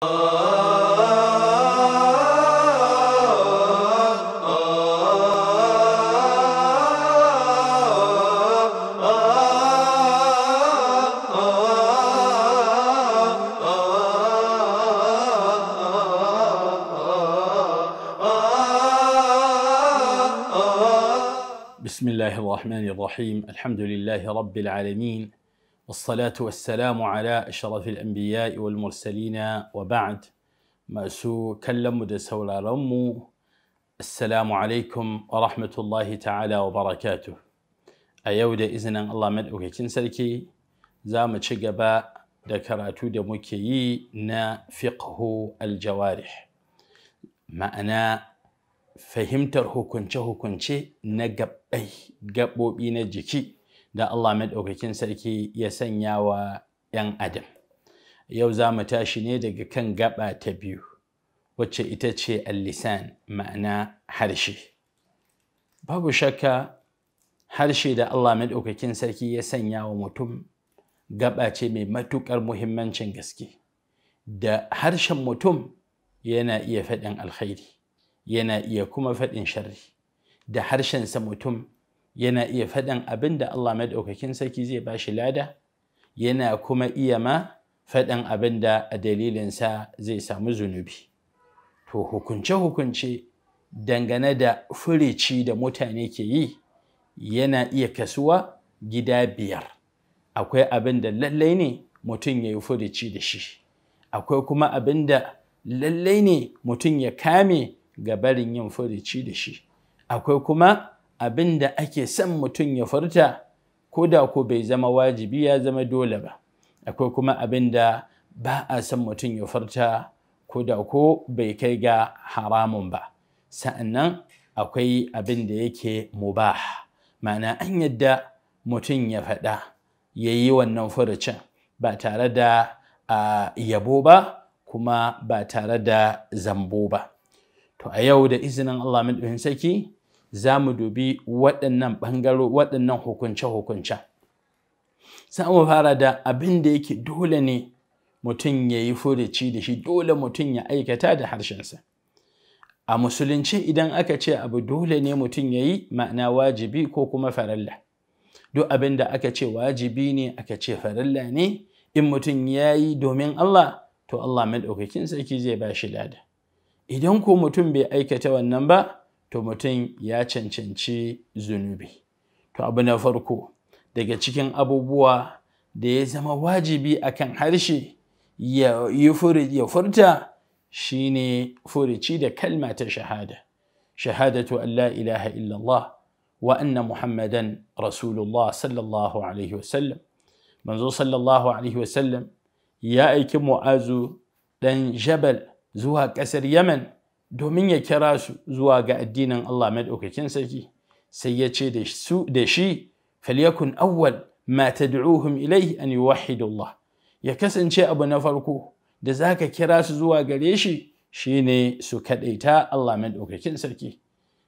بسم الله الرحمن الرحيم الحمد لله رب العالمين والصلاة والسلام على أشرف الأنبياء والمرسلين وبعد ما سو كلم دسول رمو السلام عليكم ورحمة الله تعالى وبركاته أيود إذن الله من أكين سلكي زام تشقبا دكراتو دمكي نا الجوارح ما أنا فهمت هو كنشه كنشي نقب أي قبو بينا جكي da Allah maɗaukakin sarki ya sanya wa 'yan adam yau za mu tashi ne daga kan gaba ta biyu wacce ita ce allisan ma'ana harshe babu shakka harshe da Allah maɗaukakin sarki ya sanya wa mutum gaba ce mai matuƙar muhimmancin gaske da harshen mutum yana iya faɗin alkhairi yana iya kuma faɗin sharri da harshensa mutum yana iya faɗin abin da Allah maɗaukakin sarki zai ba shi lada yana kuma iya ma faɗin abin da a dalilinsa zai samu zunubi to hukunce-hukunce dangane da furici da mutane ke yi yana iya kasuwa gida biyar akwai abin da lallai ne mutum ya yi furici da shi akwai kuma abin da lallai ne mutum ya kame ga barin yin furici da shi akwai kuma abin da ake son mutum ya furta ko da ko bai zama wajibi ya zama dole ba akwai kuma abin da ba a son mutum ya furta ko da ko bai kai ga haramun ba sa'annan akwai abin da yake mubah ma'ana an yadda mutum ya faɗa ya yi wannan furucin ba tare da yabo ba kuma ba tare da zambo ba to a yau da izinin Allah mun saki za mu dubi waɗannan ɓangaro waɗannan hukunce hukunce za mu fara da abin da yake dole ne mutum ya yi furici da shi dole mutum ya aikata da harshensa a musulunci idan aka ce abu dole ne mutum ya yi ma'ana wajibi ko kuma faralla duk abin da aka ce wajibi ne aka ce faralla ne in mutum ya yi domin Allah to Allah ɗaukakin sarki zai ba shi lada idan ko mutum bai aikata wannan ba to mutum ya cancanci zunubi to abu na farko daga cikin abubuwa da ya zama wajibi akan harshe ya ya furta shine furici da kalma ta shahada shahadatu an la ilaha illallah wa anna muhammadan rasulullah sallallahu alaihi wasallam manzo sallallahu alaihi wasallam ya aiki mu'azu dan jabal zuwa kasar yaman domin ya kira su zuwa ga addinin Allah madaukakin sarki sai ya ce da shi falyakun awwal ma tad'uhum ilayhi an yuwahhidu Allah ya kasance abu na farko da zaka kira su zuwa gare shi shine su kadaita Allah madaukakin sarki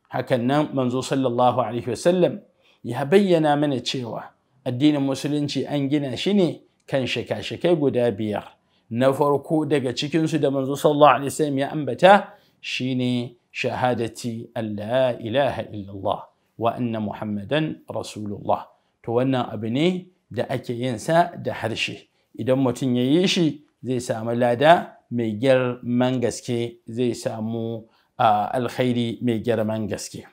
hakan nan manzo sallallahu alaihi wasallam ya bayyana mana cewa addinin musulunci an gina shi ne kan shaka-shakai guda biyar na farko daga cikinsu da manzo sallallahu alaihi wasallam ya ambata shine shahadati Allah ilaha illallah wa anna Muhammadan Rasulullah to wannan abu ne da ake yin sa da harshe idan mutum ya yi shi zai samu lada mai girman gaske zai samu alkhairi mai girman gaske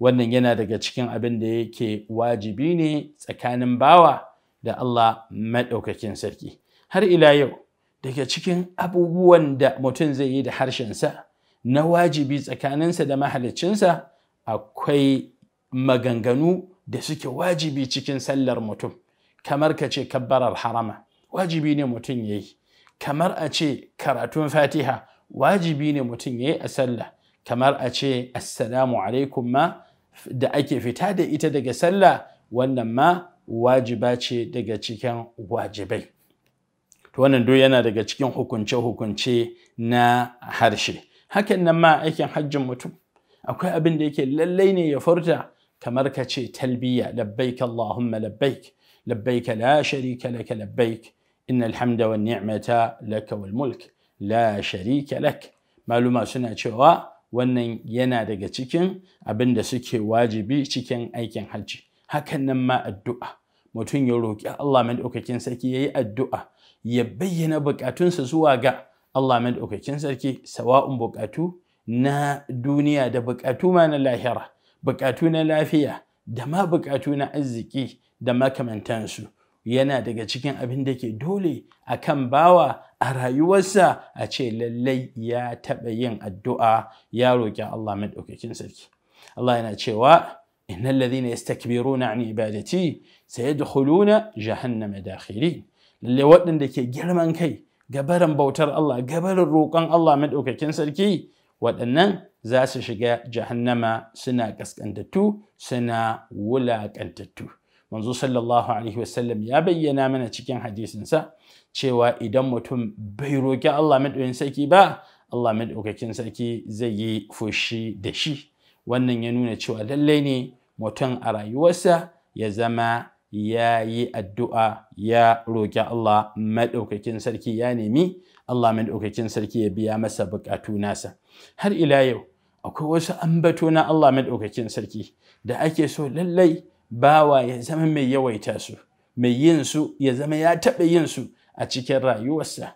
wannan yana daga cikin abin da yake wajibi ne tsakanin bawa da Allah maɗaukakin sarki har ila yau daga cikin abubuwan da mutum zai yi da harshensa na wajibi tsakaninsa da mahalicinsa akwai maganganu da suke wajibi cikin sallar mutum kamar ka ce kabbarar harama wajibi ne mutum ya yi kamar a ce karatun fatiha wajibi ne mutum ya yi a sallah kamar a ce assalamu alaikum ma da ake fita da ita daga sallah wannan ma wajiba ce daga cikin wajibai to wannan duk yana daga cikin hukunce-hukunce na harshe hakan nan ma aikin hajjin mutum akwai abin da yake lallai ne ya furta kamar ka ce talbiya labbaik allahumma labbaik labbaik la sharika laka labbaik innal hamda wan ni'mata laka wal mulk la sharika lak maluma suna cewa wannan yana daga cikin abin da suke wajibi cikin aikin hajji hakan nan ma addu'a mutum ya roƙi Allah madaukakin sarki yi addu'a ya bayyana bukatunsa zuwa ga Allah madaukakin sarki sawa'un buƙatu na duniya da buƙatu ma na lahira buƙatu na lafiya da ma buƙatu na arziki da makamantansu yana daga cikin abin da ke dole a kan bawa a rayuwarsa a ce lallai ya taɓa yin addu'a ya roƙi Allah maɗaukakin sarki. Allah yana cewa innal ladhina yastakbiruna an ibadati na jahannama dakhirin Lallai waɗanda ke girman kai gabaran bautar Allah gabaran roƙon Allah maɗaukakin sarki waɗannan za su shiga jahannama suna ƙasƙantattu suna wulaƙantattu manzo sallallahu alaihi wasallam ya bayyana mana cikin hadisinsa cewa idan mutum bai roƙi Allah maɗaukakin sarki ba Allah maɗaukakin sarki zai yi fushi da shi wannan ya nuna cewa lallai ne mutum a rayuwarsa ya zama ya yi addu'a ya roƙi Allah maɗaukakin sarki ya nemi Allah maɗaukakin sarki ya biya masa buƙatu nasa har ila yau akwai wasu ambato na Allah maɗaukakin sarki da ake so lallai bawa ya zama mai yawaita su mai yin su ya zama ya taɓa yin su a cikin rayuwarsa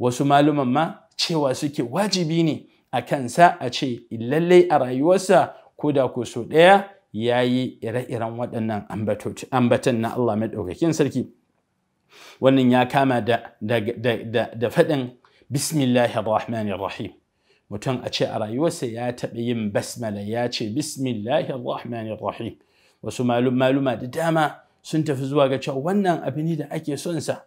wasu maluman ma cewa suke wajibi ne a kansa a ce lallai a rayuwarsa ko da ko so ɗaya ya yi ire-iren waɗannan ambatan na Allah maɗaukakin sarki wannan ya kama da faɗin "Bismillahi rahmanir rahim mutum a ce a rayuwarsa ya taɓa yin basmala ya ce "Bismillahi rahmanir rahim wasu maluma da dama sun tafi zuwa ga cewa wannan abu ne da ake son sa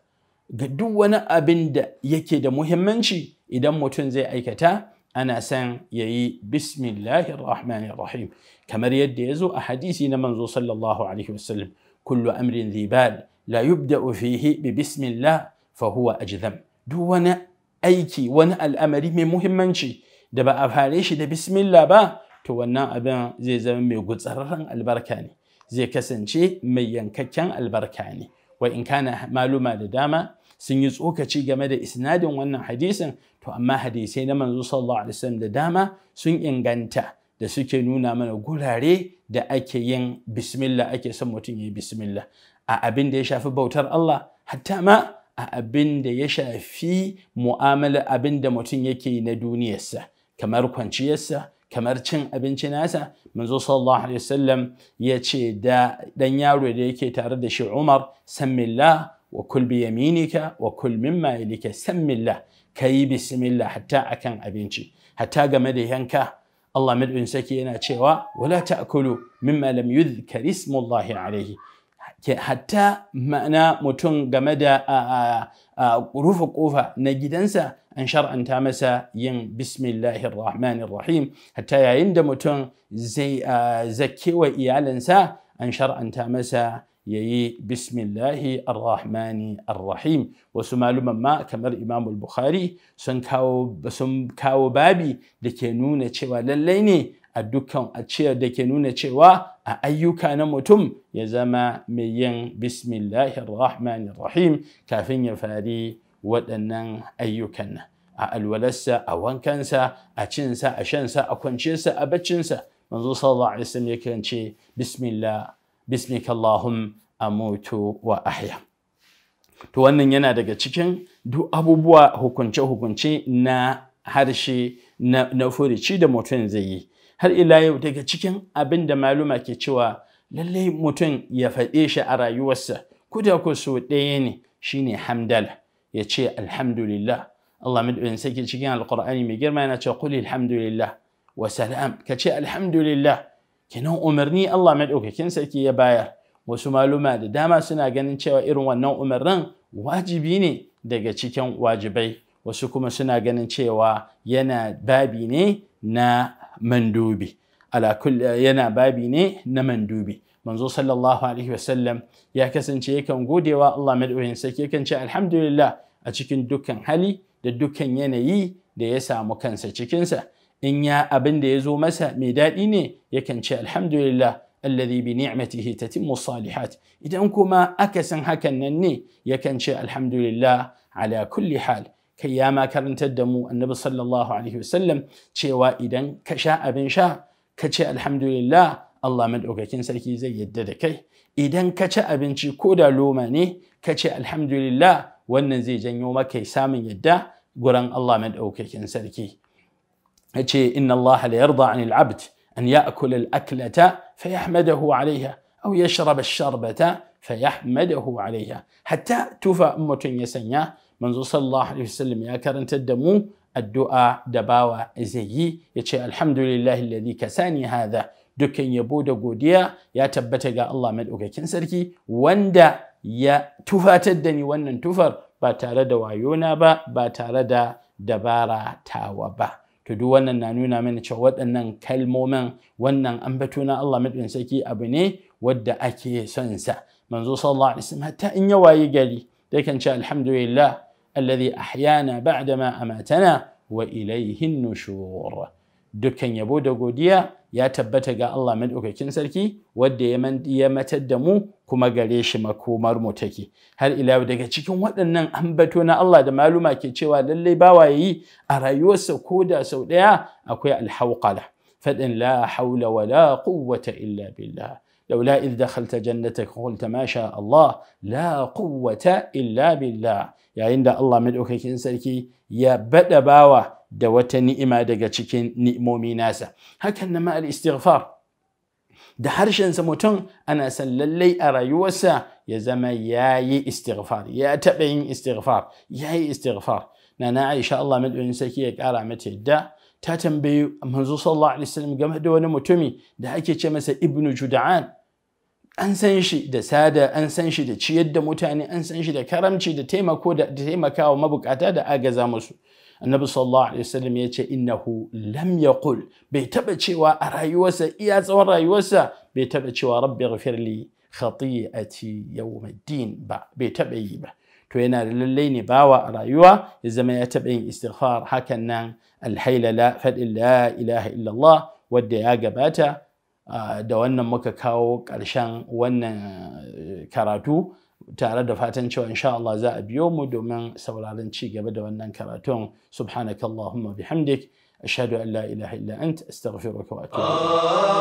ga duk wani abin da yake da muhimmanci idan mutum zai aikata أنا سان يي بسم الله الرحمن الرحيم كما ريد يزو أحاديث نمنزو صلى الله عليه وسلم كل أمر ذي بال لا يبدأ فيه ببسم الله فهو أجذم دو ونا أيكي ونا الأمر من مهمنشي دبا أفعليش دا بسم الله با ونا أبا زي زمن ميقود البركاني زي كسنشي ميان ينككان البركاني وإن كان مالو ما لداما sun yi tsokaci game da isnadin wannan hadisin to amma hadisai na manzo sallallahu alaihi wasallam da dama sun inganta da suke nuna mana gurare da ake yin bismillah ake son mutum yi bismillah a abin da ya shafi bautar Allah hatta ma a abin da ya shafi mu'amala abin da mutum yake yi na duniyarsa kamar kwanciyarsa kamar cin abinci nasa manzo sallallahu alaihi wasallam ya ce da dan yaro da yake tare da shi Umar sammillah وكل بيمينك وكل مما يليك سمي الله كي بسم الله حتى أكن أبينشي حتى قمد ينكا الله مد انسكي انا تشيوا ولا تأكلوا مما لم يذكر اسم الله عليه حتى معنى متون قمد روف نجد نجدنسا أن شرعا تامسا ين بسم الله الرحمن الرحيم حتى يعند متون زي زكي وإيالنسا أن شرعا تامسا يي بسم الله الرحمن الرحيم وسمال مما كما الإمام البخاري سنكاو بسم كاو بابي دكينونة شوى لليني أدوكم أتشير دكينونة شوى أأيوكا يا يزما ميين بسم الله الرحمن الرحيم كافين يا يفاري ودنن أيوكا أألولسا أوانكنسا أتشنسا أشنسا أكونشنسا أبتشنسا منذ صلى الله عليه وسلم يكنشي بسم الله bismika Allahum amutu wa ahya to wannan yana daga cikin duk abubuwa hukunce-hukunce na harshe na, furuci furici da mutum zai yi har ila yau daga cikin abin da maluma ke cewa lallai mutum ya faɗe shi a rayuwarsa ko da so ɗaya ne shine hamdala ya ce alhamdulillah Allah madaukakin sarki cikin alqur'ani mai girma yana ce qul alhamdulillah wa salam ka ce alhamdulillah kenan umarni Allah maɗaukakin sarki ya bayar wasu maluma da dama suna ganin cewa irin wannan umarnin wajibi ne daga cikin wajibai wasu kuma suna ganin cewa yana babi ne na mandubi yana babi ne na mandubi manzo sallallahu alaihi wasallam ya kasance yakan godewa Allah maɗaukakin sarki yakan ce alhamdulillah a cikin dukkan hali da dukkan yanayi da ya samu kansa cikinsa in ya abin da ya zo masa mai daɗi ne yakan ce alhamdulillah alladhi bi ni'matihi tatimmu salihat idan kuma san hakan nan ne yakan ce alhamdulillah ala kulli hal kai ya ma karantar da mu annabi sallallahu alaihi wasallam cewa idan ka sha abin sha ka ce alhamdulillah Allah madaukakin sarki zai yadda da kai idan ka ci abinci ko da loma ne ka ce alhamdulillah wannan zai janyo maka samun yadda guran Allah madaukakin sarki هيك إن الله ليرضى عن العبد أن يأكل الأكلة فيحمده عليها أو يشرب الشربة فيحمده عليها حتى توفى أمة يسنيا من صلى الله عليه وسلم يا كرنت الدمو الدعاء دباوة زيي يتشي الحمد لله الذي كساني هذا dukkan يبود قوديا يا ya الله من Allah maɗaukakin واندا يا توفى تدني وانا ni باتارد وعيونا با باتارد دبارة تاوبا to duk wannan na nuna mana cewa waɗannan kalmomin wannan ambato na Allah madin saki abu ne wadda ake son sa manzo sallallahu alaihi wasallam hatta in ya wayi gari yakan ce alhamdulillah alladhi ahyana ba'da ma amatana wa ilayhi an-nushur dukkan yabo da godiya ya tabbata ga Allah madaukakin sarki wadda ya matar da mu kuma gare shi makomar mu take har ila daga cikin waɗannan ambato na Allah da maluma ke cewa lallai bawa yi a rayuwarsa ko da sau ɗaya akwai alhawqala faɗin la haula wala quwwata illa billah لولا إذ دخلت جنتك قلت ما شاء الله لا قوة إلا بالله يا عند الله من أخيك إنسانك يا بدا باوة دوات نئمة دقاتك نئمومي ناسا هكذا ما الاستغفار دهرش أنسى متن أنا سللي يوسا يا زما ياي استغفار يا تبعين استغفار ياي استغفار نانا عائشة الله من الأنسى كي يقارع متدع تاتم بي منزو صلى الله عليه وسلم قمه دوانا متومي دا هكي كمسا ابن جدعان أنسنشي دا سادة أنسنشي دا تشيد دا متاني أنسنشي دا كرمشي دا تيما كو دا تيما كاو مبك أتا دا آقزا مسو النبي صلى الله عليه وسلم يتي إنه لم يقول بيتبتشي وارايوسا إياس وارايوسا بيتبتشي وربي غفر لي خطيئتي يوم الدين با بيتبعي با كوينا لليني باوى رايوى إذا ما يتبعين استغفار هكذا الحيلة لا فد لا إله إلا الله ودي أجباتا آه، دوانا مكاكاو كارشان ون آه، كاراتو تعالى دفاتن شو إن شاء الله زائب يوم دومان سولارن شي قبل دوانا كاراتون سبحانك اللهم بحمدك أشهد أن لا إله إلا أنت أستغفرك وأتوب